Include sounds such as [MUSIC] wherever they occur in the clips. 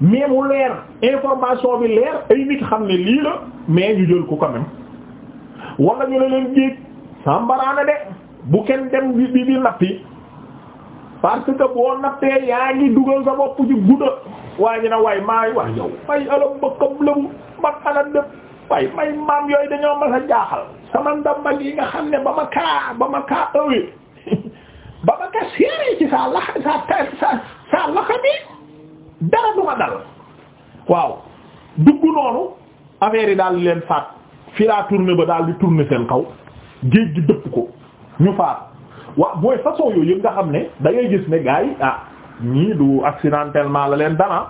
mais mu leer information bi leer ay nit xam ne lii la mais ñu jël ko quand même ñu ne leen géej sàmbaraana de bu kenn dem bi bi di nappi parce que boo nappee yaa ngi dugal sa bopp ci gudda waaye ñu ne waay maay waay yow may alam bëkkab lëbu ma alal dëpp may maam yooyu dañoo ma sa jaaxal sama ndambal yi nga xam ne ba ma kaa ba ma kaa ëwee [LAUGHS] ba ma kaa séeréer ci saa laxa saa saa laxa bi dara du dal waaw dugg noonu affaire yi daal leen faat fi laa tourné ba daal di tourné seen kaw géej gi dëpp ko ñu faat waaw mooy façon yooyu yëpp nga xam ne da gis ne gars yi ah ñii du accidentellement la leen dana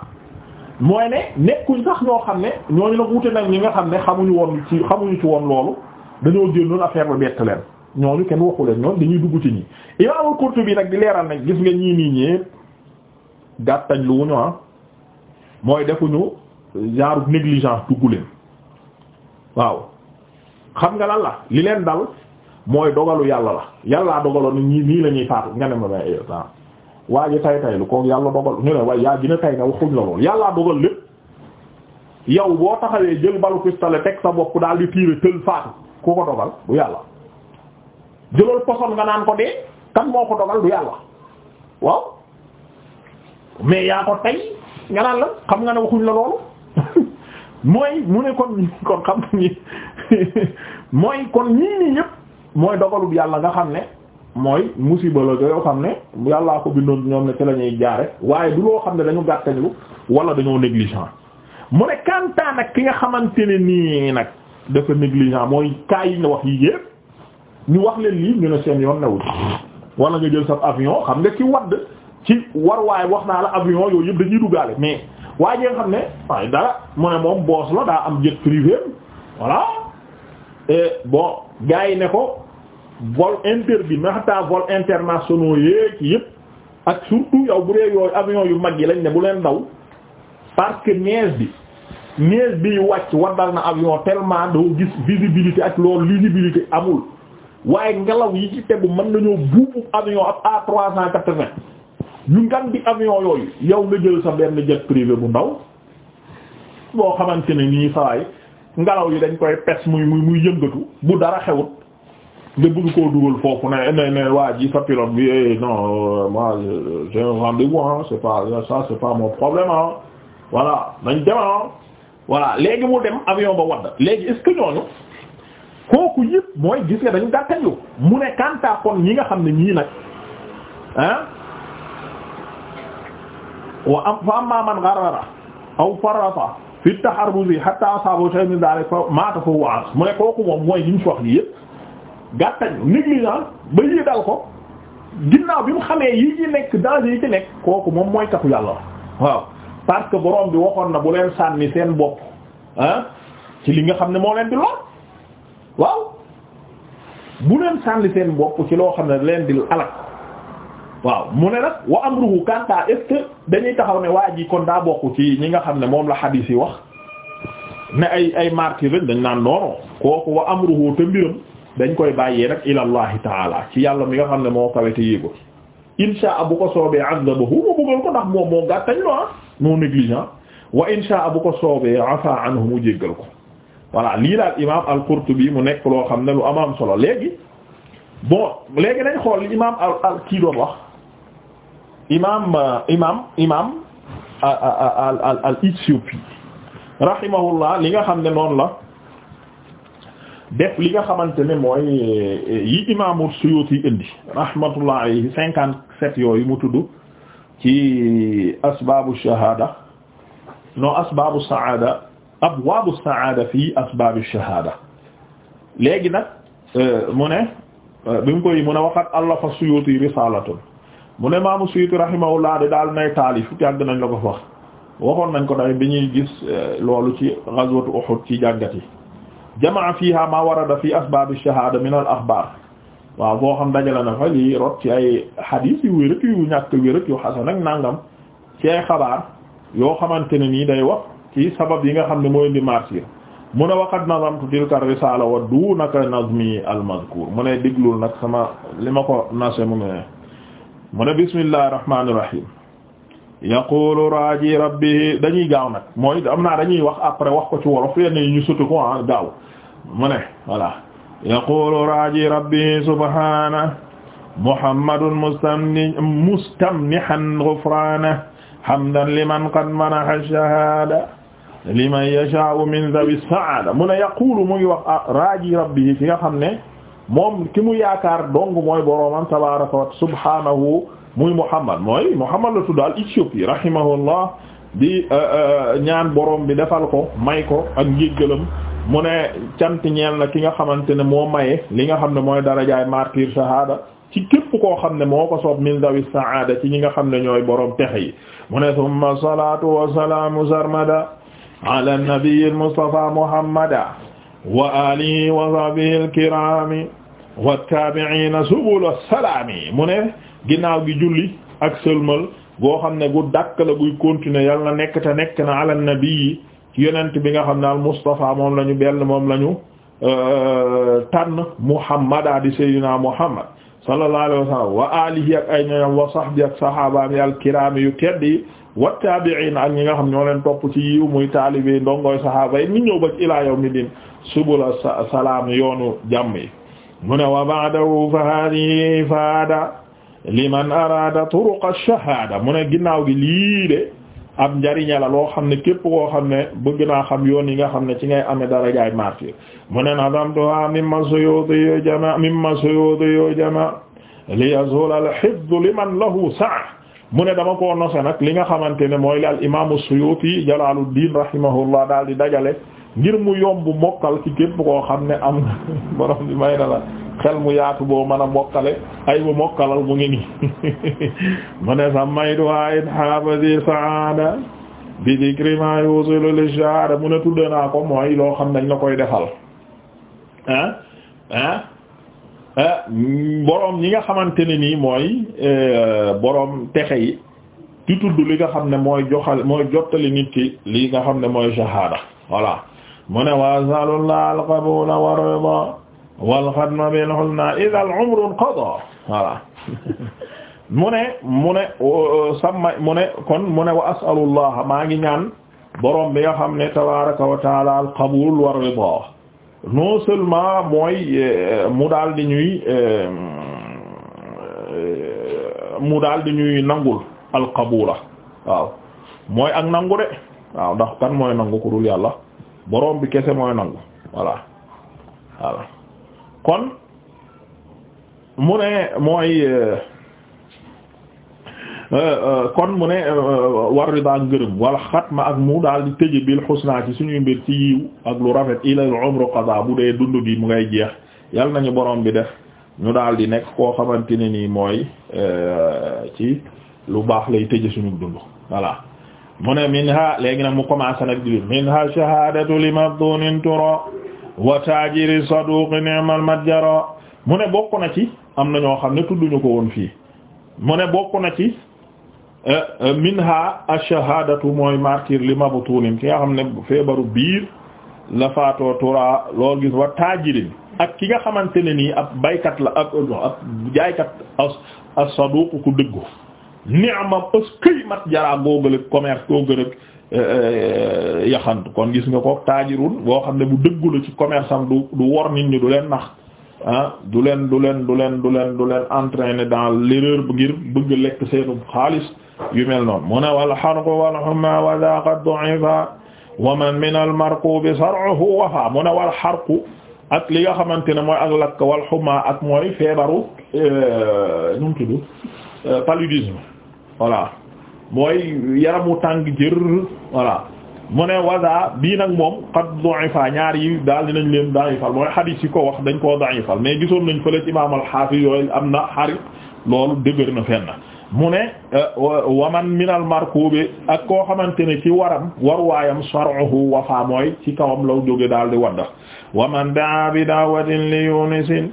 mooy ne nekkuñ sax ñoo xam ne ñooñu nag wute nag ñi nga xam ne xamuñu woon ci xamuñu ci woon loolu dañoo génnoon affaire ba bett leen ñooñu kenn waxu leen ñoom dañuy dugg ci ñi. Imaam al-Qurtubi nag di leeral nag gis nga ñii nii ñëpp gàttañ lu ah. mooy defuñu genre négligence dugg leen waaw xam nga lan la li leen dal mooy dogalu yàlla la yàlla dogaloon ñii nii la ñuy faatu nga ne ma may temps eh, ah. waa tay tay lu ko yàlla dogal ñu ne waaye yaa gina tay na waxuñ la lool yàllaa dogal lépp yow boo taxawee jël balu pistolet teg sa bopp daal di tiire tël faatu ku ko dogal du yàlla jëlal poson nga naan ko dee kan moo ko dogal du yàlla waaw mais yaa ko tay nga naan la xam nga ne waxuñ la loolu [LAUGHS] mooy mu ne kon [LAUGHS] kon [LAUGHS] mooy kon nii ñëpp mooy dogalub yàlla nga xam ne mooy musiba la yoo xam ne yàllaa ko bindoon ñoom ne ci lañuy ñuy jaare waaye du loo xam ne dañu gàttañlu wala dañoo négligent mu ne kantaa nag ki nga xamante ne nii nag dafa négligent mooy cas yi nga wax yi yépp ñu wax leen lii ñu ne seen yoon newul wala nga jël sa avion xam nga ci wadd ci waruwaay wax naa la avion yooyu yëpp dañuy duggaale mais waa nga xam ne waaye dara mu moom boos la daa am jet privé voilà et bon gars yi ne ko vol interdit mais xataa vol internationaux yeeg yëpp ak surtout yow bu dee yooyu avion yu mag yi lañ ne bu leen daw parce que neige bi neige bi wàcc waddal na avion tellement doo gis visibilité ak loolu lisibilité amul waaye ngelaw yi ci tegu mën nañoo buubu avion ab A380 ñu ngan di avion yooyu yow nga jël sa benn jet privé bu ndaw boo xamante ne nii sawaay ngelaw yi dañ koy pes muy muy muy bu dara xewut nga bëgg koo dugal foofu ne ne ne waa ji sa pilote bi eh, non euh, moi j'ai rendez-vous ah c'est pas ça problème ah voilà nañ dem ah léegi mu dem avion ba wadd léegi est kooku yëpp mooy gis nga dañu gàttañlu mu ne kanta kon ñi nga xam ne ñii nag ah wa am fa amma man gharara aw farata fi taharruzi hatta asaba shay'an min dalik fa mata fa huwa as mu ne kooku moom mooy liñ fi wax yi yëpp gàttañ négligence ba yi dal ko ginnaaw bi mu xamee yi ci nekk danger yi ci nekk kooku moom mooy taxu yàlla waaw parce que borom bi waxoon na bu leen sànni seen bopp ci li nga xam ne moo leen di lor waaw bu leen sànni seen bopp ci loo xam ne leen di alak waaw mu ne nag wa amruhu kanta est ce que dañuy taxaw ne waa ji kon daa bokk ci ñi nga xam ne moom la xadiis yi wax ne ay ay martyr rek dañ naan noono kooku wa dañ koy bàyyee rek ilallahi taala ci yàlla mi nga xam ne moo kawete yéego insha bu ko soobee azabahu mu bëggal ko ndax moo gàttañ lo ah non négligent wa insha bu ko soobee afa anhu mu jéggal ko voilà lii daal imam al-Qurtubi mu nekk loo xam ne lu amaam solo léegi bon léegi nañ xool li imam al al kii doon wax imaam imaam imaam al al al Ithiopi rahimahullah li nga xam ne noonu la def li nga xamante ne mooy euh, yi imaamu Suyuti indi rahmatullah alayhi cinquante sept yooyu mu tudd ci asbaabu shahaada non asbaabu saada abwaabu saada fii asbaabu shahaada léegi nag euh, mu ne euh, bi mu koy mu ne waxat allafa Suyuti risaalatun mu ne maamu Suyuti rahimahullah de daal nay taalif yàgg nañ la ko wax waxoon nañ ko tamit bi ñuy gis eh, loolu ci ghazwatu Uhud ci jàngat yi jamaa fiha ma warada fi asbaabi shahaada min al axbaar waaw boo xam dajale na fa lii rot ci ay xadiis yu wérat yu ñàkk wérat yu xasan ak nangam ci ay xabaar yoo xamante ne nii day wax ci sabab yi nga xam ne mooy indi martyr mu ne waqad nazamtu tilka risaala wa dunaka nazmi al mazkuur mu ne déglul nag sama li ma ko nase mu mu ne bismillahi rahmaani rahiim yaqulu raaji rabbihi dañuy gaaw nag mooy am naa dañuy wax après wax ko ci wolof yenn yi ñu sutu ko ah gaaw mu ne voilà yaqulu raaji rabbihi subhaanahu muhammadun mustamni mustamnihan ghufraanahu hamdan liman qad manaha shahaada liman yashaa'u min dhawi saada mu ne yaqulu mu ngi wax ah, raaji rabbihi fi nga xam ne moom ki mu yaakaar dong mooy boroomam tabaraka wa subhanahu muy Muhammad mooy Muhammad la tudd al Éthiopie rahimahullah di euh, euh, ñaan borom bi defal ko may ko ak njéggalam mu ne cant ñeel na ki nga xamante ne moo maye li nga xam ne mooy darajaay martyr shahada ci képp koo xam ne moo ko soob min dawi saada ci ñi nga xam ne ñooy borom texe yi mu ne summa salatu wa salaamu sarmada ala nabiyil mustafa muhammada wa alihi wa sahbihi alkirami wattabiina subul salaami mu ne ginnaaw gi julli ak sëlmal goo xam ne gu dàkk la guy continuer yal na nekk te nekk na ala nabii ci yonent bi nga xam ne al Mustafa moom la ñu benn moom la ñu euh, tànn Muhammad di Seydina Muhammad sallallahu alayhi wa sallam wa alihi ak ay ñoñam wa sahbi ak sahabaami alkiraami yu tedd yi wattabiina ak ñi nga xam ñoo leen topp ci yiw muy taalibe ndongoy sahaaba yi ñu ñëw ba ci ilaa yawmi subula salaam yoonu jàmm yi mu ne wa ba'dahu fa hadihi ifaada liman araada turuqa shahaada mu ne ginnaaw gi lii de ab njariña la loo xam ne képp koo xam ne bëgg naa xam yoon yi nga xam ne ci ngay amee darajaay martyr mu ne nadamtuha mimma suyuuti yo jama mimma suyuuti yo jama li yazul al hifz liman lahu sa'a mu ne dama koo nose nag li nga xamante ne mooy li al imaamu Suyuuti Jalaaluddin rahimahullah daal di dajale ngir mu yomb mokkal ci képp koo xam ne am [LAUGHS] borom bi may na la xel mu yaatu boo mën a mokkale ay bu mokkalal mu ngi nii [LAUGHS] mu ne sa mayduha in haafasi bi dikri ma yusilu li shahada mu ne tudde naa ko mooy loo xam dañ la koy defal ah ah, ah? boroom ñi nga xamante ne nii mooy eh, boroom texe yi di tudd li nga xam ne mooy joxal mooy jottali nit ki li nga xam ne mooy shahada voilà mu ne wa asalullah alqabula warida walxadma bilxulna ida al umru nqada voilà [LAUGHS] mu ne mu ne samma mu ne kon mu ne wa asalullah maa ngi ñaan borom bi nga xam ne tabaraka wa taala al qabul war rida non seulement mooy eh, mu daal di ñuy eh, mu daal di ñuy nangul al qabula waaw mooy ak nangu de waaw ndax kan mooy nangu ku dul yàlla boroom bi kese mooy nangu voilà voilà kon mu ne mooy euh, euh, euh, kon mu ne war ridaa ngërëm wala ma ak mu daal di tëj bil xusnaa ci suñuy mbir ci yiw ak lu rafet ilal umru qada bu dee dund bi mu ngay jeex yal nañu borom bi def ñu daal di nekk koo xamante ne nii mooy ci lu baax lay tëj suñu dund voilà mu ne minha léegi nag mu commencé nag di minha shahadatu li mabdunin tura wa tajiri saduqi ni'mal matjara mu ne bokk na ci am na ñoo xam ne tudduñu ko woon fii mu ne bokk na ci eh, eh, minha ash-shahadatu mooy martyr li mabtunin ki nga xam ne feebaru biir la faatoo tura lool wa tajirin ak ki nga xamante ne nii ab baykat la ak ab jaaykat as as saduq ku dëggu ni'ma pës këy mat jaraa googalëg commerce googalëg euh, euh, yaxantu kon gis nga ko taajirun boo xam ne bu dëggul ci commerce am du du wor du leen nax ah, du leen du leen du leen du leen du leen entraîner dans l'erreur bu ngir bëgg lekk seenu xaalis yu mel noonu mu ne wal xarqu wal xuma wa daqa du'ifa wa man min al marqubi sar'uhu wafa mu ne wal xarqu ak li nga xamante ne mooy ak lakk wal xuma ak mooy feebaru euh, nu paludisme voilà mooy yaramu tàng jër voilà mu ne waza bii nag moom qad du'ifa ñaar yi daal dinañ leen da'ifal mooy xadiis yi ko wax dañ ko da'ifal mais gisoon nañ fële ci imaam al-Hafiz yooyu am na xarit loolu dëgër na mu ne euh, waman minal markubi ak koo xamante ne ci waram warwaayam sar'uhu wafa mooy ci kawam law jóge daal di wadda waman daa bi da'watin li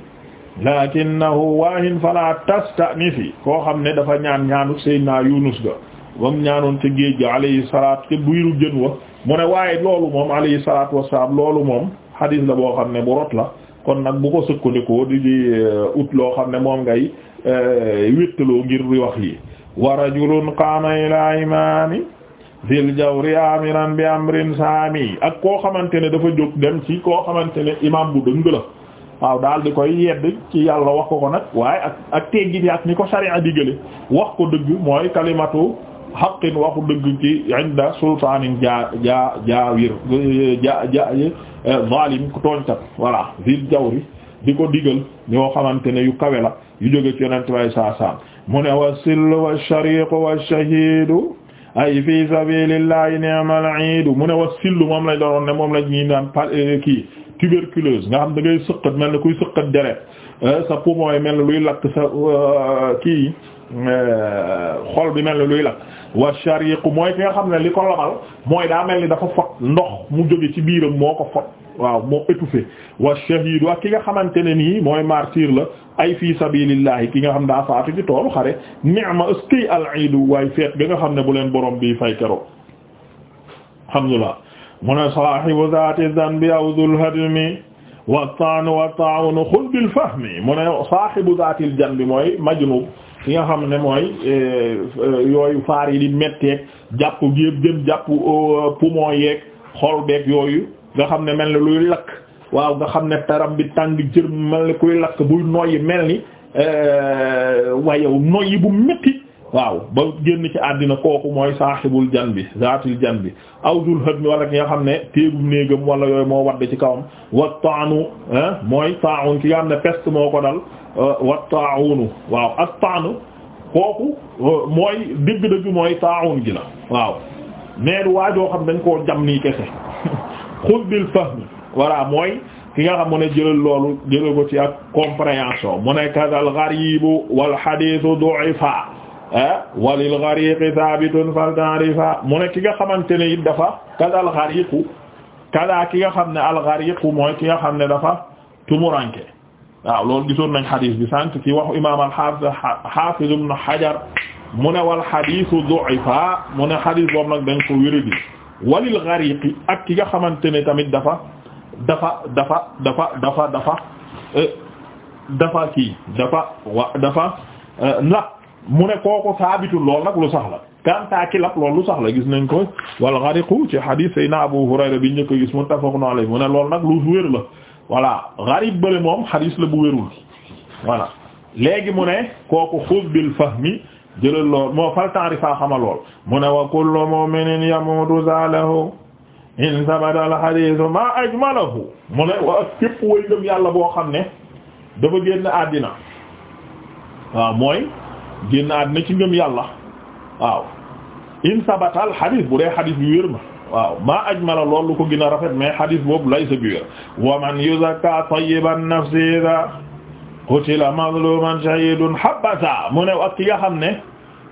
lakinnahu waahin fala tastanisi koo xam ne dafa ñaan ñaanu Seydina Yunus ga bam ñaanoon ca géej ga alayhi salaatu ca biiru jën wa mu ne waaye loolu moom alayhi salaatu wassalaam loolu moom hadis la boo xam ne bu rot la kon nag bu ko sukkandikoo di di euh, ut loo xam ne moom ngay euh, wéttaloo ngir di wax lii wa rajulun qaama ila imaami fil jawri amiran bi amrin saami ak koo xamante ne dafa jóg dem ci koo xamante ne imam bu dëng la waaw daal di koy yedd ci yàlla wax ko ko nag waaye ak ak teggin yaat ni ko sariya diggale wax ko dëgg mooy kalimatu haqqin waxu dëgg ci inda sultaanin jaa jaa jaawir jaa jaa zalim ku tooñkat voilà vil jawri di ko digal ñoo xamante ne yu kawe la yu jóge ci yonent way saa saam mu ne wa sill wa shariq wa shahidu ay fi sabilillahi ni'mal iidu mu ne wa sill moom lañ doon ne moom lañ ñi naan kii tuberculose nga xam dangay ngay sëqat mel ni kuy sëqat deret eh, sa poumon yi mel ni luy lakk sa euh, kii euh, xol bi mel ni luy lakk wa shariqu mooy ki nga xam ne li ko labal mooy daa mel ni dafa fot ndox mu jóge ci biiram moo ko fot waaw moo étouffé wa shahidu ak ki nga xamante ne nii mooy martyr la ay fi sabilillahi ki nga xam daa faatu ci toolu xare ni'ma aski al iidu waaye feet ga nga xam ne bu leen borom bi fay keroog alhamdulillah mu ne saahibu zaati zanbi aw zul hadmi wa taanu wa taawunu xul bil fahmi mu ne saahibu zaatil janbi mooy majnub ki nga xam ne mooy eh, yooyu faar yi di metteeg jàpp géeb jëm jàpp eh, poumon yeeg xol beeg yooyu nga xam ne mel ni luy lakk waaw nga xam ne taram bi tàng jër mel ni kuy lakk buy noyyi mel ni eh, waaye noyyi bu metti waaw ba génn ci àddina kooku mooy saaxibul jan bi zaatil jan bi aw zul hadmi wala ki nga xam ne téegum néegam wala yooyu moo wadd ci kawam wa taanu mooy taawun ki nga xam ne peste moo ko dal euh, wa taawunu waaw ak taanu kooku euh, mooy dëgg-dëgg mooy taawun gi la waaw mais waajoo xam dañ ko jam nii kese [LAUGHS] xud bil fahmi voilà mooy ki nga xam mu ne jëlal loolu jëlal ko ci ak compréhension mu ne kadal gharibu wal hadithu du'ifa walil ghariqi thabitun fal ta'rifa mu ne ki nga xamante ne it dafa kada al ghariqu kada ki nga xam ne al ghariqu mooy ki nga xam ne dafa tumuranke waaw loolu gisoon nañ xadis bi sant ci waxu imam al hafiz ibn hajar mu ne wal xadisu du'ifa mu ne xadis boobu nag dañ ko wéradi walil ghariqi ak ki nga xamante ne tamit dafa dafa dafa dafa dafa dafa eh, dafa kii dafa wa dafa la eh, mu ne kooku saabitul lool nag lu sax la kanta lool lu sax gis nañ ko wal gariqu ci hadith sayna Abu Hurayra bi njëkk gis muttafaqun alayhi mu lool nag lu wér la voilà garib bële moom hadith la bu wérul voilà léegi mu ne kooku xuz bil fahmi jëlal lool moo fal ta'rifa lool mu wa kullu mu'minin yamutu zalahu in sabata al hadith ma ajmalahu mu wa képp way gëm yàlla boo xam ne dafa génn àddina waaw génnaat na ci ngëm yàlla waaw in sabatal xadis bu dee xadis bi ma waaw maa ajmala lool a rafet mais xadis boobu laysa bi wér wa man yuzakka tayyiban nafsi idha qutila mazluman shahidun habasa mu ne ak ki nga xam ne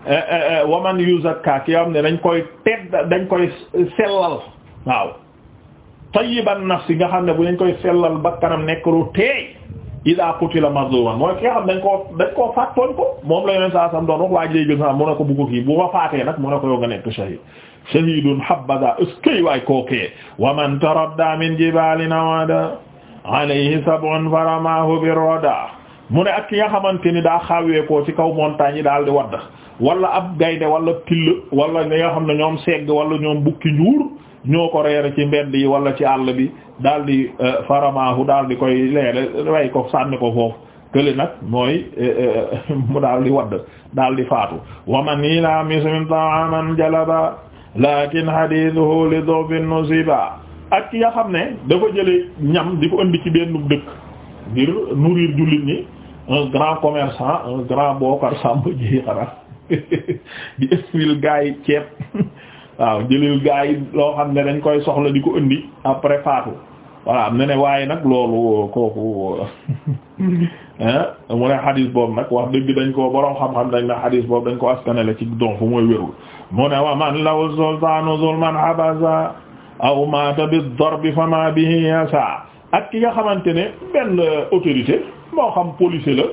eh, eh, eh, wa man yuzakka ki nga ne dañ koy tedd dañ koy sellal waaw tayyiban nafsi nga ne bu dañ sellal bakkanam nekk lu teey ida qutila mazluman mooy ki nga dañ koo faat tooñ ko moom la yeneen saa doon wax waa ji lay gën sa mu ne ko bu ko kii bu ma faatee nag mu ne ko yow nga nekk shahid shahidun habada ëskey waay kookee wa man min jibalin awada alayhi mu ne ak ki nga xamante ni daa xawee ko ci kaw montagne yi daal di wadd wala ab gaynde wala till wala li xam ne ñoom segg wala ñoom bukki njuur ñoo ko reere ci mbedd yi wala ci àll bi daal di euh, faramaahu daal di koy leere rey ko sànni ko foofu kële nag mooy euh, euh, [LAUGHS] mu daal di wadd daal di faatu waman i la mismin ta'aman jalaba lakin hadithuhu li dhufin nusiba ak ya xam ne dafa jële ñam di ko indi ci benn dëkk ngir nourrir jullit ñi un grand commerçant un grand bookar sàmb ji xanaa [LAUGHS] di estil gaay ceeb [LAUGHS] waaw jëlil gaa yi loo xam ne dañ koy soxla di ko indi après faatu voilà am na ne waaye nag loolu kooku mu ne xadis boobu nag wax dëgg dañ koo boroom xam-xam dañ ne xadis boobu dañ ko askanale ci don fu mooy wérul mu ne wa man law sultaanu zulman habasa aw mata bi darbi fa bi bihi yasa ak ki nga xamante ne benn autorité moo xam policier la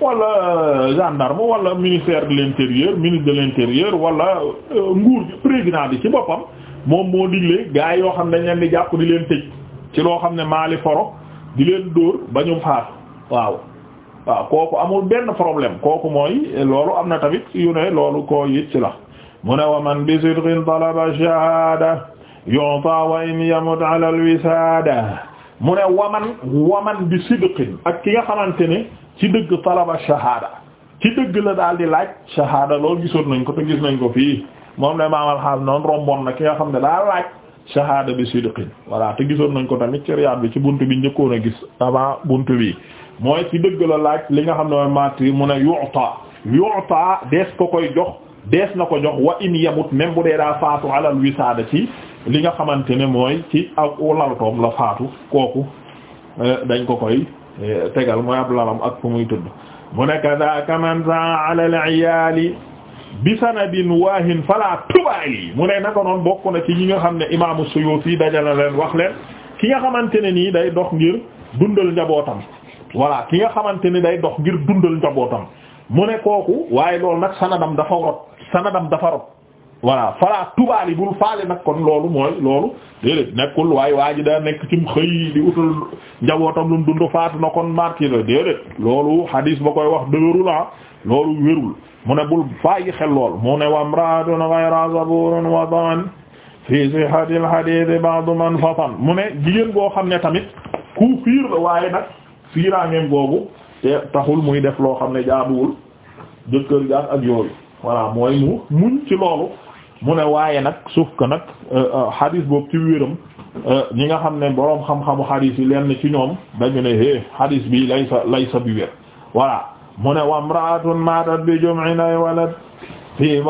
wala euh, gendarme wala ministère de l'intérieur ministre de l'intérieur wala euh, nguur gi président bi ci boppam moom moo digle gaa yoo xam ne dañ leen di jàpp di leen tëj ci loo xam ne maali foro di leen dóor ba ñu faatu waaw waaw kooku amul benn problème kooku mooy loolu am na tamit yu ne loolu koo it ci la mu ne wa bi sidqin talaba shahada yu'ta wa in yamut ala al wisada mu ne waman waman bi sidqin ak ki nga xamante ni ci dëgg talaba shahada ci dëgg la daal di laaj shahada loolu gisoon nañ ko te gis nañ ko fii moom la imaam al-Hafiz noonu romboon na ki nga xam ne daa laaj shahada bi sidqin voilà te gisoon nañ ko tamit ci Riyad bi ci bunt bi njëkkoon a gis avant buntu bi mooy ci dëgg la laaj li nga xam ne mooy martyr mu ne yu'ta yu'ta dees ko koy jox dees na ko jox wa in yamut même bu dee daa faatu alal wisaada ci li nga xamante ne mooy ci ak laltoom la faatu kooku euh, dañ ko koy tegal mooy ab lalam ak fu muy tudd mu ne kadaka man sa ala al iyaali bi sanadin waahin fala tubaali mu ne naka noon bokk na ci ñi nga xam ne imaamu Suyuuti dajana leen wax leen ki nga xamante ne nii day dox ngir dundal njabootam voilà ki nga xamante ni day dox ngir dundal njabootam mu ne kooku waaye lool nag sanadam dafa rot sanadam dafa rot voilà fala tubaali bul faale nag kon loolu mooy loolu déedéet nekkul waaye waa ji daa nekk cim xëy di utal njabootam lu mu dund faatu na kon martyr la déedéet loolu hadis ba koy wax dëgërul ah loolu wérul mu ne bul bàyyi xel lool mu ne wamraatun ghayra zaburun watan fi sihhatil hadith ba'du man fatan mu ne jigéen boo xam ne tamit ku fiir la waaye nag fiiraangeem googu te taxul muy def loo xam ne jaaduwul jëkkër jaar ak yooyu voilà mooy mu mu ne waaye nag suuf que nag hadis euh, euh, boobu ci wéram euh, ñi nga xam ne boroom xam-xamu hadis yi leen ci ñoom dañu ne é hadis bi lay sa lay sa bi wér mu ne wa imra'atun matat bi jum'in ay walad fii ne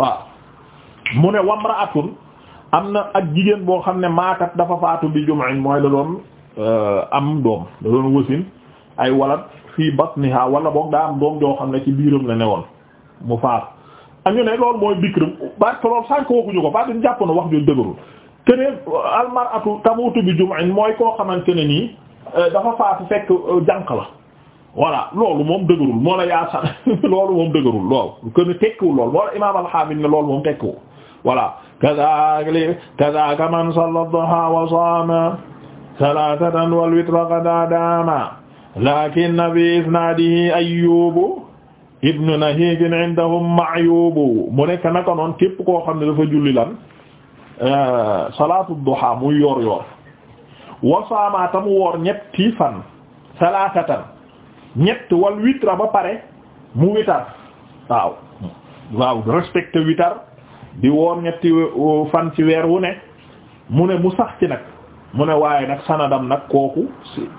wa imra'atun na ak jigéen boo xam ne maatat dafa bi jum'in mooy la am doom da doon wasin ay walad fii batniha wala boog daa am doom joo xam ne ci biiram la newoon mu faatu am ñu ne loolu mooy bikr parce que loolu sànq waxuñu ko parce que jàpp na wax ju dëgërul te ne almaratu tamutu bi jum'in mooy koo xamante ne ni euh, dafa faatu fekk euh, jànq la voilà loolu moom dëgërul moo la yaasa [LAUGHS] loolu moom dëgërul loolu que ne tekkiwul loolu moo la imaam al-Haafid ne loolu moom tekkiwul voilà kazali kazaka man salla duha wa saama salatatan wal witra qad daama lakin bi isnaadihi ayyubu ibnu nahigin indahum ma'yubu mu nekk naka noon képp koo xam ne dafa julli lan euh, salaatu duha muy yor yor wasaama tamu woor ñetti fan salaasatan ñett wal witra ba pare mu witar waaw waaw respecté witar di woor ñetti euh, fan ci weer wu ne mu ne mu sax ci nag mu ne waaye nag sanadam nag kooku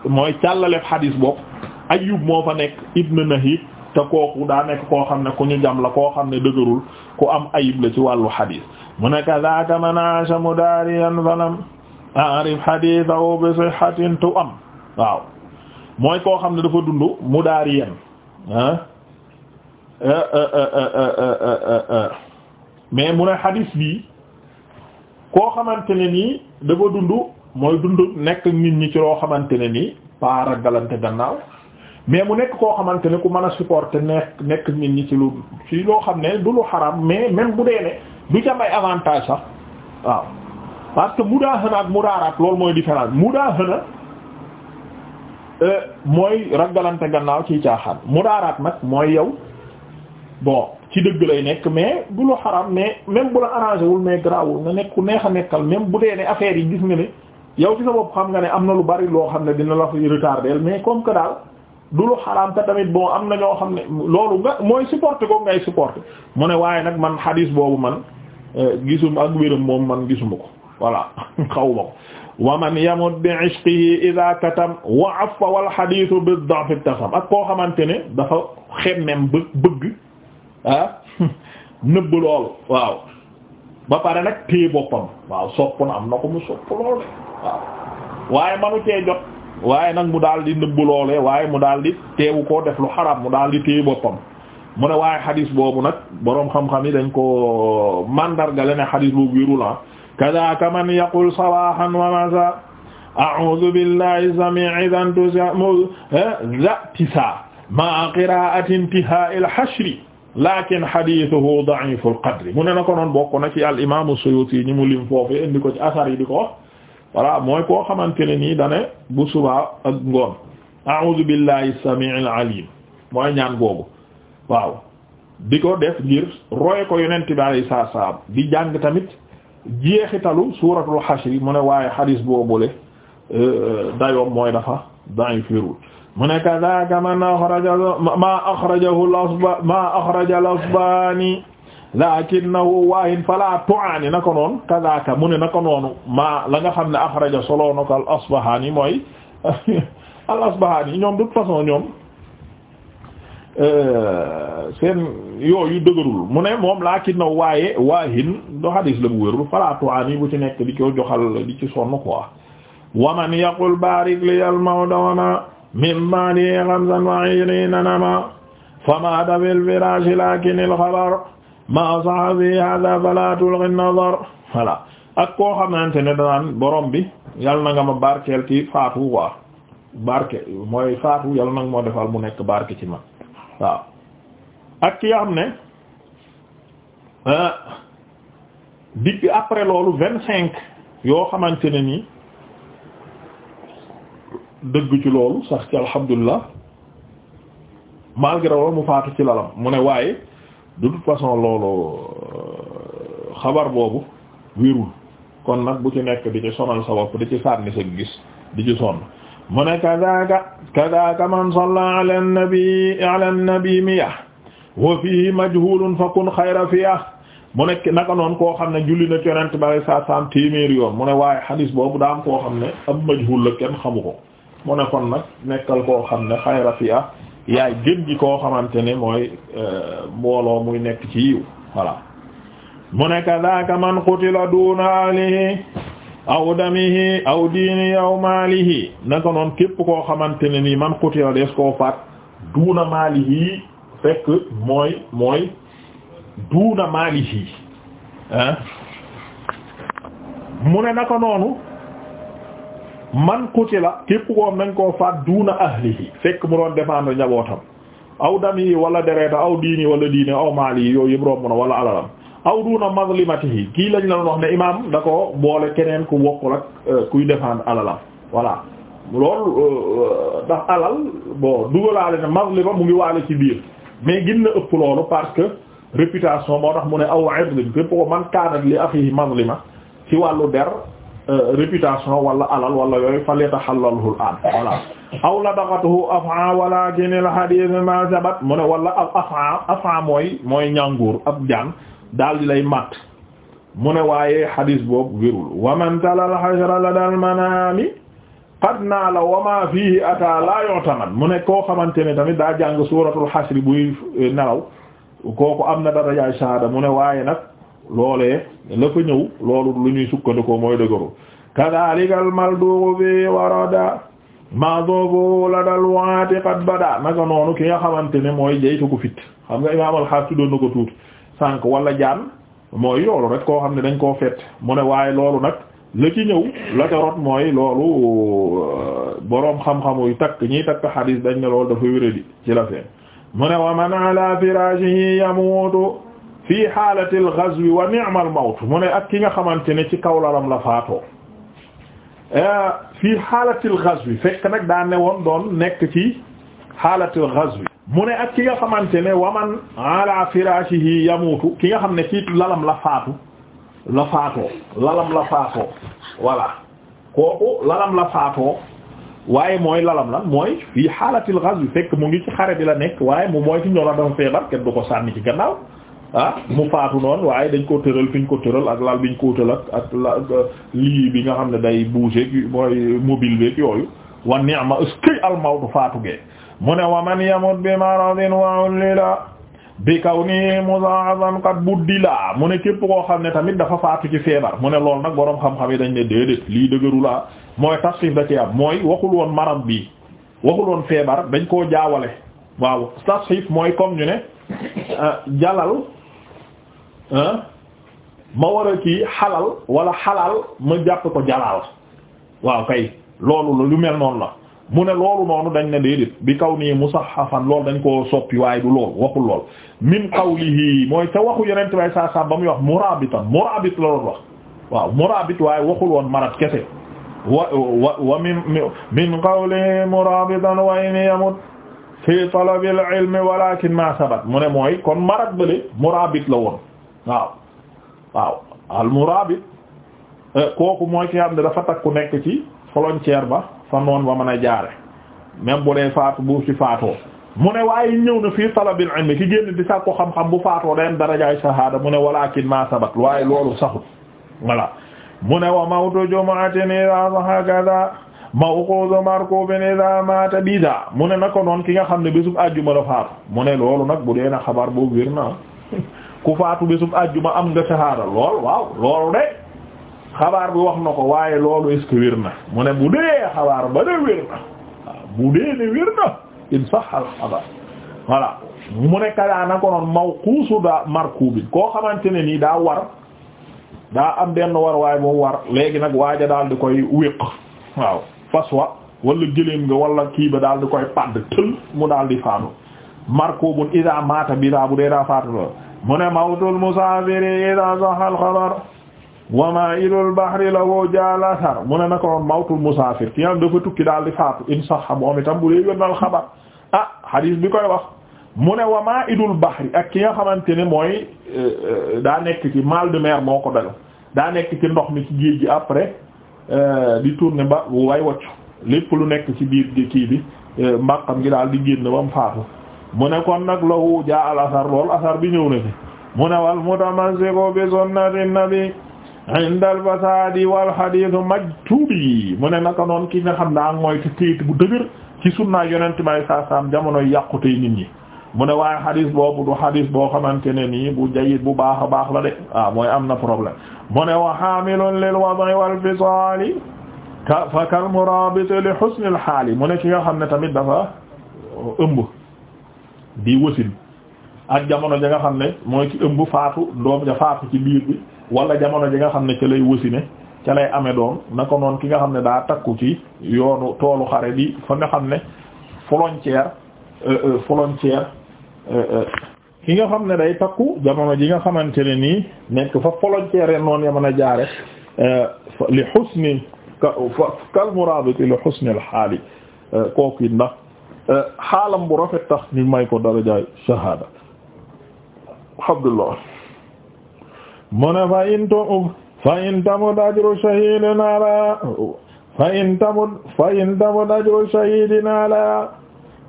mooy càllalef xadiis bopp ayub moo fa nekk ibnu nahig te kooku daa nekk koo xam ne ku ñu jam la koo xam ne dëgërul ku am ayib la ci wàllu xadis mu ne kadaka man aasha mudaariyan falam arif xadisahu bi sihhatin tu am waaw mooy koo xam ne dafa dund mudaariyan ah mais mu ne xadis bi koo xamante ne nii dafa dund mooy dund nekk nit ñi ci loo xamante ne nii paara galante gannaaw mais mu nekk koo xamante ne ku man a supporter nekk nekk nit ñi ci lu ci loo xam ne du lu xaram mais même bu dee ne du ci am ay avantage sax waaw parce que mudaahana ak mudaaraat loolu mooy différence mudaahana euh, mooy ragalante gannaaw ciy caaxaan mudaaraat nag mooy yow bon ci dëgg lay nekk mais du lu xaram mais même bu la arrangé wul mais garaawul nga nekk ku neex a nekkal même bu dee ne affaire yi gis nga ne yow ci sa bopp xam nga ne am na lu bari loo xam ne dina la fi retardé mais comme que du lu xaraam te tamit bon am na ñoo xam ne loolu nga mooy supporter ko ngay supporter mu ne waaye nag man xadiis boobu man euh, gisum ak wéram moom man gisuma ko voilà [LAUGHS] xawuma ko wa man yamut bi ishqihi idha katam wa affa wal hadithu bi dha'f tasam ak koo xamante ne dafa xemmem bë bëgg ah, [LAUGHS] nëbb lool waaw ba pare nag téye boppam waaw sopp na am na ko mu sopp lool waaw waaye manu cee jot waaye nag mu daal di nëbb loolee waaye mu daal di teewu koo def lu xaraam mu daal di téye boppam mu ne waaye xadis boobu nag boroom xam-xam yi dañ ko mandargale ne xadis boobu wéru la ah. kadaka man yaqul sabahan wa masa a'udhu billahi sami'i dhan tusa'mu ma qira'ati intiha'i al-hashri lakin hadithuhu da'if al-qadr mu ne na ko noon bokk na ci al-imam as-Suyuti ñi mu lim foofu indi ko ci asar yi di ko wax voilà mooy koo xamante ne nii dane bu subaa ak ngoon a'udhu billahi samiil alim mooy ñaan googu waaw di ko def ngir roye ko yonent bi alayhi salaatu di jàng tamit jeexitalu suuratul hashr mu ne waaye hadis boobule euh, euh, dayoom mooy dafa da'if wérul mu ne kadaka man axraja ma axraja al lakinnahu waahin fala tu'ani naka noonu kadaka mu ne naka noonu maa la nga xam ne akhraja solo na ko al asbahani mooy [LAUGHS] al asbahani ñoom de toute façon ñoom euh, seen yooyu dëgërul mu ne moom lakinnahu waaye waahin do hadis la bu wérul fala tu'ani bu ci nekk di ko joxal di ci sonn quoi wa man yaqul barik li al mawdana min ba'di khamsan wa 'ishrina nama fama dawil firashi lakin al khabar ma sahbi hada fala tulqi nazar voilà ak koo xamante ne danaan borom bi yal na nga ma barkeel ci faatu quoi barke mooy faatu yal na moo ma defal mu nekk barke ci ma waaw ak ki nga ne ah, dippi après loolu vingt cinq yoo xamante ne ni dëgg ci loolu sax ci alhamdulilah malgré mu faatu ci lalam mu ne waaye de toute façon loolu euh, xabar boobu wérul kon nag bu ci nekk di ci sonal sa bopp di ci sànni sa gis di ci sonn mu ne kadaka kadaka man salla ala nabi ala nabi miya wa fihi majhulun fa kun xayra fiya mu nekk naka noon koo xam ne julli na ci yonent bari saa saam téeméeri yoon mu ne waaye xadis boobu daa am xam ne ab majhul la kenn xamu ko mu ne kon nag nekkal ko xam ne xayra fiya yaay gën gi koo xamante ne mooy euh, mbooloo muy nekk ci yiw voilà mu ne kadaka man qutila duna alihi aw damihi aw diini aw maalihi naka noon képp koo xamante ne nii man qutila des koo faat duuna maalihi fekk mooy mooy duuna maalihi ah mu ne naka noonu man la képp koo nañ koo faat duuna ahlihi fekk mu doon défendre njabootam aw dam yi wala dereeta aw diini wala diini aw maali yi yooyu yëpp romb na wala alalam aw duuna mazlimatihi kii lañ la dox wax ne imaam da ko boole keneen ku bokkul ak euh, kuy défendre alalam voilà loolu euh, ndax alal bon dugalaale ne mazlima mu ngi waale ci biir mais gën na ëpp loolu parce que réputation moo tax mu ne aw ird képp ko man kaanat li akhihi mazlima ci wàllu der Euh, réputation wala alal wala yooyu fa yatahallalhu al an voilà aw la daxatuhu af'a walakin al hadith ma sabat mu ne wala a af'a af'a mooy mooy ñànguur ab jaan daal di lay matt mu ne waaye hadith boobu wérul waman tala al la dal manami qad naala wa ma fihi ata la yu'tamad mu ne koo xamante ne tamit daa jàng suuratul hasri buy eh, nelaw kooku am na darajaay shahada mu ne waaye nag loolee la fa ñëw loolu lu ñuy sukkandikoo mooy dëgëru kadhalika al maldugu bi warada madobo la dal waati qad bada naka noonu ki nga xamante ne mooy jeytu ko fit xam nga imam alxaas tuddoon na ko tuuti sànq wala jaan mooy loolu rek koo xam ne dañ koo fet mu ne waaye loolu nag la ci ñëw la ca rot mooy loolu euh, boroom xam-xamuy takk ñiy takk xadiis dañ ne loolu dafa wéradi ci la feen mu ne wa man ala firashihi yamutu fii xaalatil ghazwi wa ni'mal mawt mu ne ak ki nga xamante ne ci kaw lalam la faatoo eh, fii xaalatil ghazwi fekk nag daa ne woon doon nekk ci xaalatil ghazwi mu ne ak ki nga xamante ne waman ala firashihi yamutu ki nga xam ne ci lalam la faatu la faatoo lalam la faatoo voilà kooku lalam la faatoo waaye mooy lalam lan mooy fii xaalatil ghazwi fekk mu ngi ci xare bi la nekk waaye mu mooy ci ñoo la dafa feebar kenn du ko sànni ci gannaaw ah mu faatu noonu waaye dañ ko tëral fi ñu ko tëral ak lal bi ñu ko tëral ak la euh, lii bi nga xam ne day bouger mooy mobile beeg yooyu wa ni'ma askay al mawtu faatu gee mu ne wa man yamut bi maradin wa la bi kawni muzaafan qad buddila mu ne képp koo xam ne tamit dafa faatu ci feebar mu ne loolu nag boroom xam-xam yi dañ ne déedéet lii dëgëru laa mooy tasxiif da ci am mooy waxul woon marab bi waxul woon feebar dañ koo jaawale waaw tasxiif mooy comme euh, jalal ma war a kii xalal wala xalaal ma jàpp ko jalaal waaw kay loolu la lu mel noonu la mu ne loolu noonu dañ ne déedéet bi kaw nii musaxafan loolu dañ koo soppi waaye du loolu waxul lool min qawlihi mooy ca waxu yeneen bay saa saa ba muy wax murabitan murabit la doon wax waaw murabit waaye waxul woon marat kese wa wa wa min min qawlihi murabitan wa yamut fi talabil ilmi walakin ma sabat mu ne mooy kon marat bële murabit la woon waaw waaw almurabit eh, kooku mooy ki xam ne dafa takku nekk ci frontière ba fa noon ba mën a jaare même bu dee faatu bu ci faatoo mu ne waaye ñëw na fii talabil ilmi ki génn di sax ko xam-xam bu faatoo day am darajaay sahaada mu ne walakin ma sabat waaye loolu saxut voilà mu ne wa mawtu jumu'atin hakada mawquzu markubin idha mata mu ne na ko noon ki nga xam ne bésub àjjuma la faatu mu ne loolu nag bu dee na xabar boobu wér na ku faatu bésub àjjuma am nga sahaada lool waaw loolu de xabaar bi wax na ko waaye loolu est-ce que na mu ne bu dee xabaar ba de wér na waaw bu dee ne wér na in sahal xabaar voilà mu ne kadaa na ko noon mawquusu daa markuubin koo xamante ne nii daa war daa am benn war waaye moom war léegi nag waaja daal di koy wéq waaw fas wa wala nga wala kii ba daal di koy padd tël mu daal di faatu markuubun idaa maata bi daa bu dee daa faatu la mu ne mawtul musaafiri idaa sahal xabar wa maa'ilul bahri lahu jaal asar mu ne naka woon mawtul musaafir ki am dafa tukki daal di faatu in sax moom itam bu dee yónnal xabar ah xadiis bi koy wax mu ne wa maa'ilul bahri ak ki nga xamante ne mooy euh, daa nekk ci mal de mer moo ko dal daa nekk ci ndox mi ci géej gi après euh, di tourner ba way waccu lépp lu nekk ci biir kii bi euh, mbaqam gi daal di génn ba mu faatu mu ne kon nag lahu jaa al asar lool asar bi ñëw na fi mu ne wal mutamasiko bi sunnati nabi inda al fasadi wal hadithu majtubi mu ne naka noon ki nga xam ne ak mooy ci téit bu dëgër ci sunna yonent may saa saam jamonoy yàqutey nit ñi mu ne waaye xadis boobu du xadis boo xamante ne nii bu jayit bu baax a baax la de waaw ah mooy am na problème mu ne wa xaamilun lil wadi wal fisaali ka fa kal murabit li xusnil xaali mu ne ki nga xam ne tamit dafa ëmb di wasin ak jamono ja nga xam ne mooy ci ëmb faatu doom ja faatu ci biir bi wala jamono ja nga xam ne ci lay wasine ca lay amee doom na ko noon ki nga xam ne daa takku ci yoonu toolu xare bi fa nga xam ne frontière euh, euh, frontière euh, ki nga xam ne day takku jamono ji nga xamante ne nii nekk fa frontière noon ya mën a jaare li xusni ka kal murabiti li xusni al xaali kooku xaalam bu rafet tax ñu may ko darajaay shahada Abdullah mu fa in tamut ajru shahidin ala in tamut ajru shahidin ala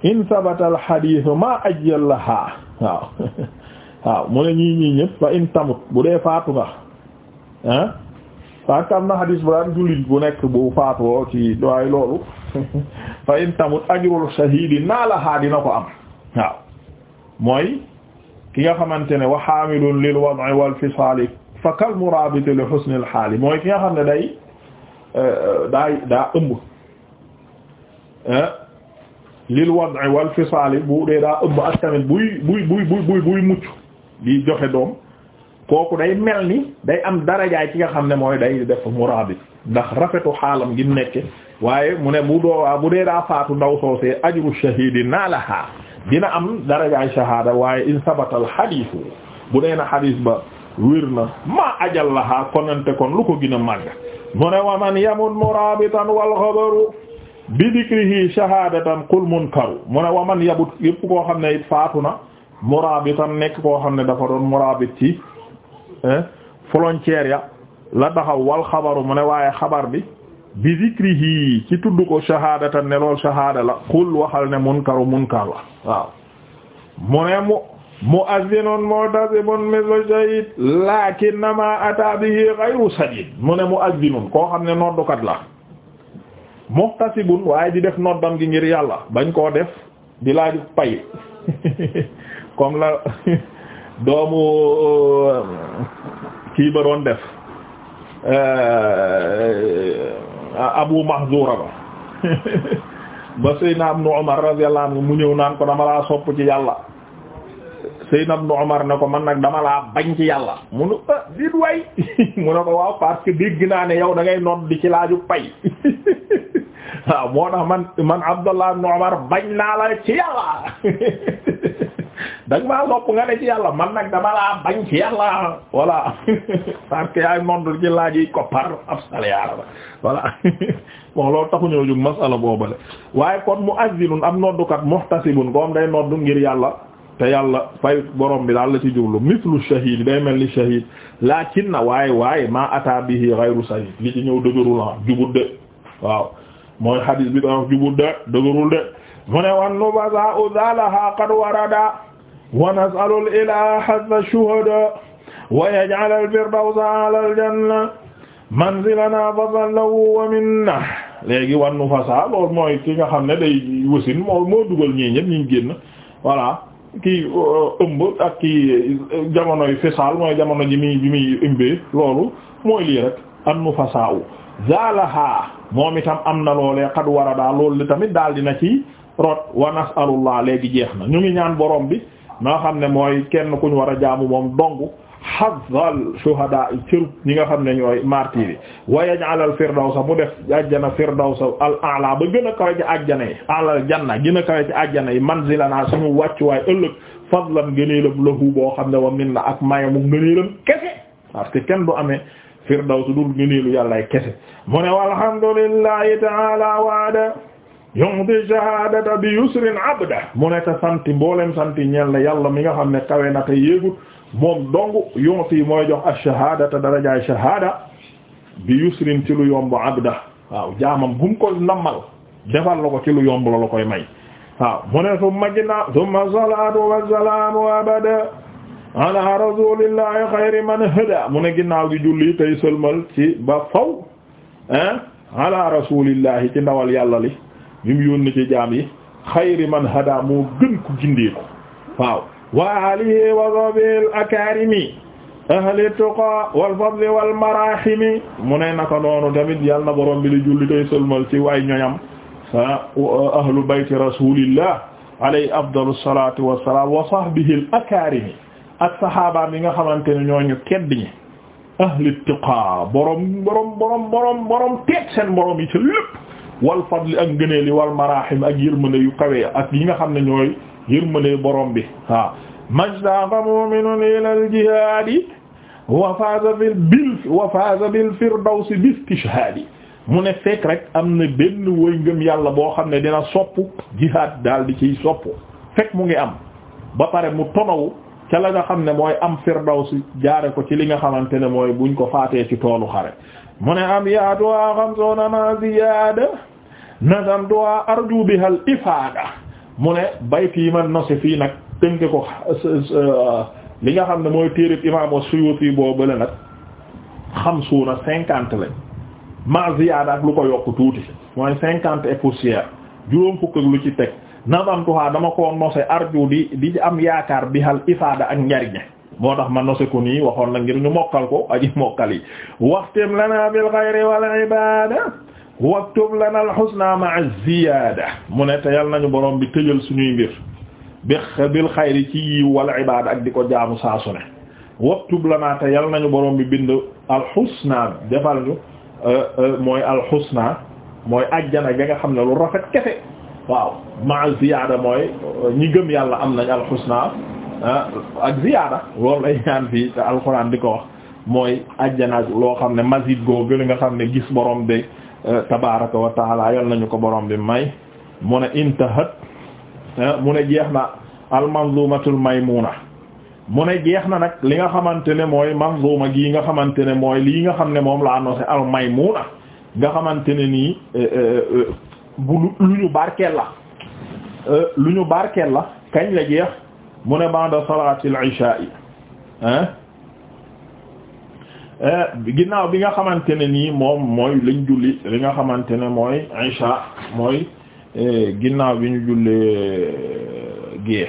in sabata al hadith ma ajjalaha waaw waaw mu ne fa in tamut bu dee faatu nga faat am na hadith bu daan jullit bu nekk bu faatoo ci doy loolu [LAUGHS] fa in tamut ajrul shahidi naalahaa dina ko am waaw mooy ki nga xamante ne wa hamilun lil wad'i wal fisaali fa kal murabiti li husni al haali mooy ki nga xam ne day eh, daay daa ëmb eh, lil wad'i wal fisaali bu dee daa ëmb ak tamit buy buy buy buy buy mucc di joxe doom kooku day mel ni day am darajaay ki nga xam ne mooy day def murabit ndax rafetu xaalam gi nekke waaye mu ne bu doo bu dee daa faatu ndaw soosee ajru shahidi naalaha dina am darajaay shahada waaye in sabatal xadiisu bu dee na xadiis ba wir na ma ajal laha konante kon lu ko gën a màgg mu ne wa man yamut murabitan wal xabaru bi dikrihi shahadatan qul munkaru mu ne wa man yabut yëpp koo xam ne it faatu na murabitan nekk koo xam ne dafa doon murabit ci eh, frontière ya la taxaw wal xabaru mu ne waaye xabar bi bi zikrihi ci tudd ko shahaadatan ne lool shahaada la qul waxal ne munkaru munkar la waaw mu ne mu mu'azzinun mu'tazibun mislu shahid lakinnama ata bihi ghayru sadid mu ne mu'azzinun koo xam ne noddukat la muhtasibun waaye di def noddam gi ngir yàlla bañ koo def di laaju pay [LAUGHS] comme la [LAUGHS] doomu euh, kii ba doon def euh, Abu Mahzura ba [LAUGHS] ba Seydina Ibnu Umar radiyallahu anhu mu ñëw naan ko dama laa sopp ci yàlla Seydina Ibnu Umar na ko man nag dama laa bañ ci yàlla mu ne ah diit waay [LAUGHS] mu ne ko waaw parce que dégg naa ne yow da ngay nodd di ci laaju pay [LAUGHS] waaw moo tax man man Abdullah ibnu Umar bañ naa la ci yàlla danga maa sopp nga ne ci yàlla man nag dama laa bañ ci yàlla voilà [LAUGHS] parce que yaay mondul ci laaj yi koppar ab salaire la voilà [LAUGHS] bon loolu taxu ñëw jug masala boobale waaye kon mu'azzinun am noddukat muhtasibun comme day noddu ngir yàlla te yàlla fay borom bi daal la ci jublu mislu shahid day mel ni shahid lakin na waaye waaye ma ata bihi ghayru shahid li ci ñëw dëgërul ah jubut de waaw mooy hadis bi da jubut de dëgërul de mu ne wan nu basa u zalaha qad wa nas'alul ilaaha hadha shuhadaa wa yaj'alal firdawsa a'lal janna manzilanaa fadlan lahu wa minna léegi wannu fasaa loolu mooy ki nga xam ne day wasin moo moo dugal ñii ñëpp ñu génn voilà kii euh, ëmb ak kii jamonoy fisaal mooy jamono ji muy bi muy ëmbee loolu mooy lii rek annu fasaa u zaalahaa moom itam am na loolee xad waradaa loolu li tamit daal dina ci rot wa nas'alullah léegi jeex na ñu ngi ñaan borom bi nga xam ne mooy kenn kuñ war a jaamu moom dong xazal shuhada yi cër nga xam ne ñooy martyr yi wa yaj'al al firdawsa mu def àjjana firdawsa al a'la ba gën a kawe ci àjjana yi al janna gën a kawe ci àjjana yi manzilana suñu wàccuwaay ëllëg fadlan gëneelam lahu boo xam ne wa min na ak mayamu gëneelam kese parce que kenn du amee firdawsa dul gëneelu yàllaay kese mu ne walhamdulillahi ta'ala waada yu'ti shahadata bi yusrin abda mu ne te mboolem santi ñeel na yàlla mi nga xam ne kawe na te yéegut moom dong yu'ti mooy jox ash-shahadata darajaay shahada bi yusrin ci lu abda waaw jaamam gum ko nammal defal la ko ci lu may waaw mu ne ginna summa salaatu wa salaamu abada ala rasulillahi xayri man ginnaaw gi julli tey sëlmal ci ba faw ah bi mu yónni ci jaam yi xayri man hada moo gën ku gindeeku waaw wa alihi wa sabil akarimi ahli tuqa wal fadli wal marahimi mu ne naka noonu tamit yàlla na borom bi li julli tay sëlmal ci waay ñoñam sa ahlu bayti rasulillah alayhi afdalu salatu wassalam wa sahbihi al akarimi ak sahabaam yi nga xamante ne ñooñu tedd ñi ahli tuqa borom borom borom borom borom teet seen borom yi ci lépp wal fadli ak ngëneel yi wal marahim ak yërmande yu kawe ak yi nga xam ne ñooy yërmande borom bi waaw majtaqa mu'minun ila al jihadi wa faza bil bil wa faza bil firdawsi bi istishhadi mu ne fekk rek am na benn woy ngëm yàlla boo xam ne dina sopp jihaad daal di ciy sopp fekk mu ngi am ba pare mu tonawu ca la nga xam ne mooy am firdawsi jaare ko ci li nga xamante ne mooy buñ ko faatee ci toolu xare mu ne am yaatuwaa xam soona ma ziyaada nadamtuwaa arju biha al ifaada mu ne bayti yi man nosi fii nag tënk ko li nga xam ne mooy téerib imam Suyuti boobu la nag xam suuna cinquante lañ ma ziyaada ak lu ko yokk tuuti mooy cinquante et poussière juróom fukk ak lu ci teg nasamtuha dama ko nose arju di di am yaakaar bi hal ifaada ak njariñe moo tax ma nose ko nii waxoon na ngir ñu mokkal ko aji mokkal yi waxtim lana bil xayri wal ibada waktub lana al husna ma'a ziyada mu ne te nañu borom bi tëjël suñuy mbir bi bil xayri ci yiw wal ibada ak di ko jaamu saasu ne waktub lana te nañu borom bi bind al husna defal ñu euh, euh, mooy al husna mooy ajjana ga nga xam ne lu rafet kese waaw ma ziyaada mooy ñi gëm yàlla am nañ alxusna ah, ak ziyaada loolu lay ñaan fii te alxuraan di ko wax mooy ajjana loo xam ne mazid googu li nga xam ne gis borom bi eh, tabaraka wa taala nañu ko borom bi may mu ne intahat eh, mu ne jeex na almanzumatul maymuna mu ne jeex na nag li nga xamante ne mooy manzuma gii nga xamante ne mooy lii nga xam ne moom la annoncé al maymuna nga xamante ne nii eh, bu lu ñu barkeel la euh, lu ñu barkeel la kañ la jeex mu ne ba'da salaatil isha yi euh, ginnaaw bi nga xamante ne nii moom mooy lañ julli li nga xamante ne mooy isha mooy euh, ginnaaw bi ñu jullee gée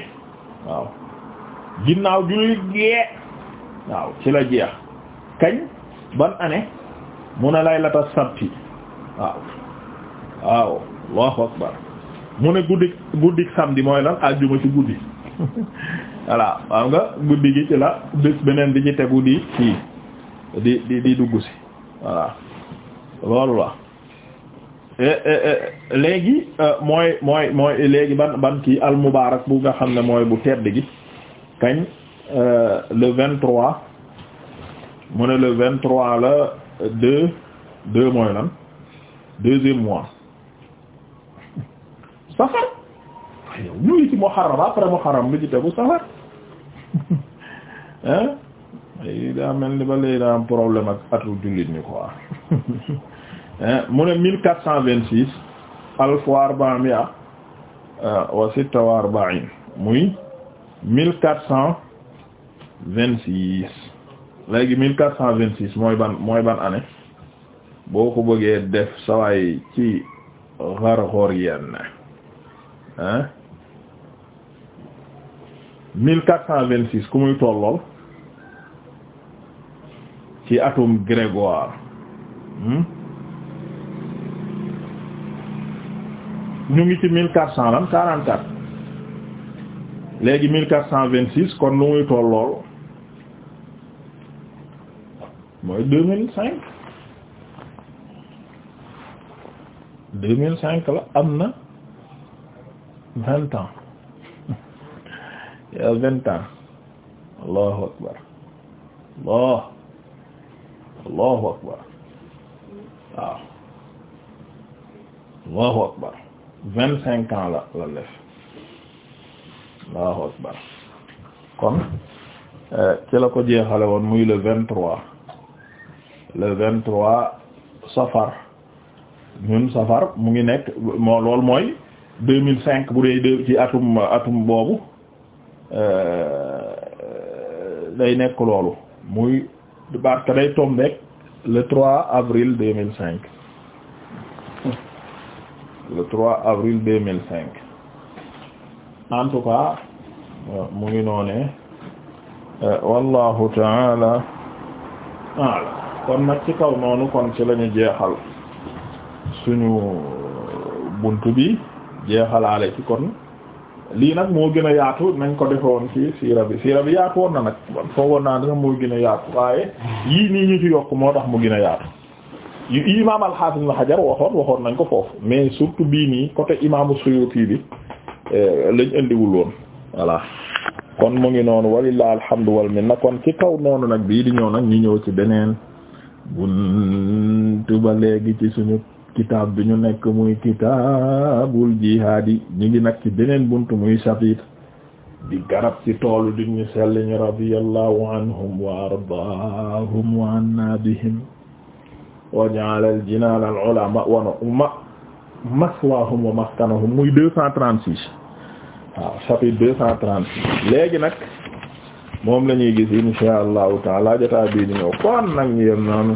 waaw ginnaaw julli gée waaw ci la jeex kañ ban année mu ne laylatas sabti waaw waaw allahu akbar mu ne guddik guddik samedi mooy lan àjjuma ci guddi [LAUGHS] voilà xam nga guddi gi ci la beneen bi ci tegu di kii di di di dugg si voilà loolu la eh, eh, eh, léegi euh, mooy mooy mooy léegi ban ban kii al mubaarak bu nga xam ne mooy bu tedd gi kañ euh, le vingt trois mu ne le vingt trois la deux deux mooy lan deuxième mois safar yow ngi ci muharram après muharram bi ci tegu safar hein ay daa mel ni ba léegi daa am problème ak atu jullit ñi quoi mu ne mille quatre cent vingt six alf wa arba'mi'a euh, wa sitta wa arba'in muy mille quatre cent vingt six léegi mille quatre cent vingt six mooy ban mooy ban année boo ko bëggee def sawaay ci xarxoor yenn ah mille quatre cent vingt six ku muy tollool ci atum Grégoire hmm? ñu ngi ci mille quatre cent lan quarante quatre léegi mille quatre cent vingt six kon lu muy tollool mooy deux mille cinq deux mille cinq la am na vingt ans il y a vingt ans allahu akbar allah allahu akbar waaw allahu akbar vingt cinq ans la la def allahu akbar kon euh, ci la ko jeexale woon muy le vingt trois le vingt trois safar ñun safar mu ngi nekk moo lool mooy deux mille cinq bu dee ci atum atum boobu euh, day nekk loolu muy parce que day tombeek le 3 avril 2005 le 3 avril 2005 en tout cas mu ngi noone euh, wallahu taala a'lam kon nag ci kaw noonu kon ci lañuy jeexal suñu bunt bi jeexalaale ci kon lii nag moo gën a yaatu nañ ko defe woon ci siira bi siira bi yaatu woon na nag foogoon naa danga moo gën a yaatu waaye yii nii ñu ci yokk moo tax mu gën a yaatu yu imaam al-Hafiz Ibn waxoon waxoon nañ ko foofu mais surtout bii nii côté imaamu Suyuti bi eh, lañ indiwul woon voilà kon mu ngi noonu walillahi alhamdu wal minna kon ci kaw noonu nag bii di ñëw nag ñu ñëw ci beneen buntu ba léegi ci suñu kitaab bi ñu nekk muy kitaabul jihaadi ñu ngi nag ci beneen buntu muy chapitre di garab ci toolu di ñu sell ñu radiyallahu anhum wa ardaahum wa anna bihim wa ja'ala al jinaan al ula ma'wana ma maswaahum wa maskanahum muy léegi nag moom la gis insha allahu taala jotaa bii di ñëw kon nag ñu yem noonu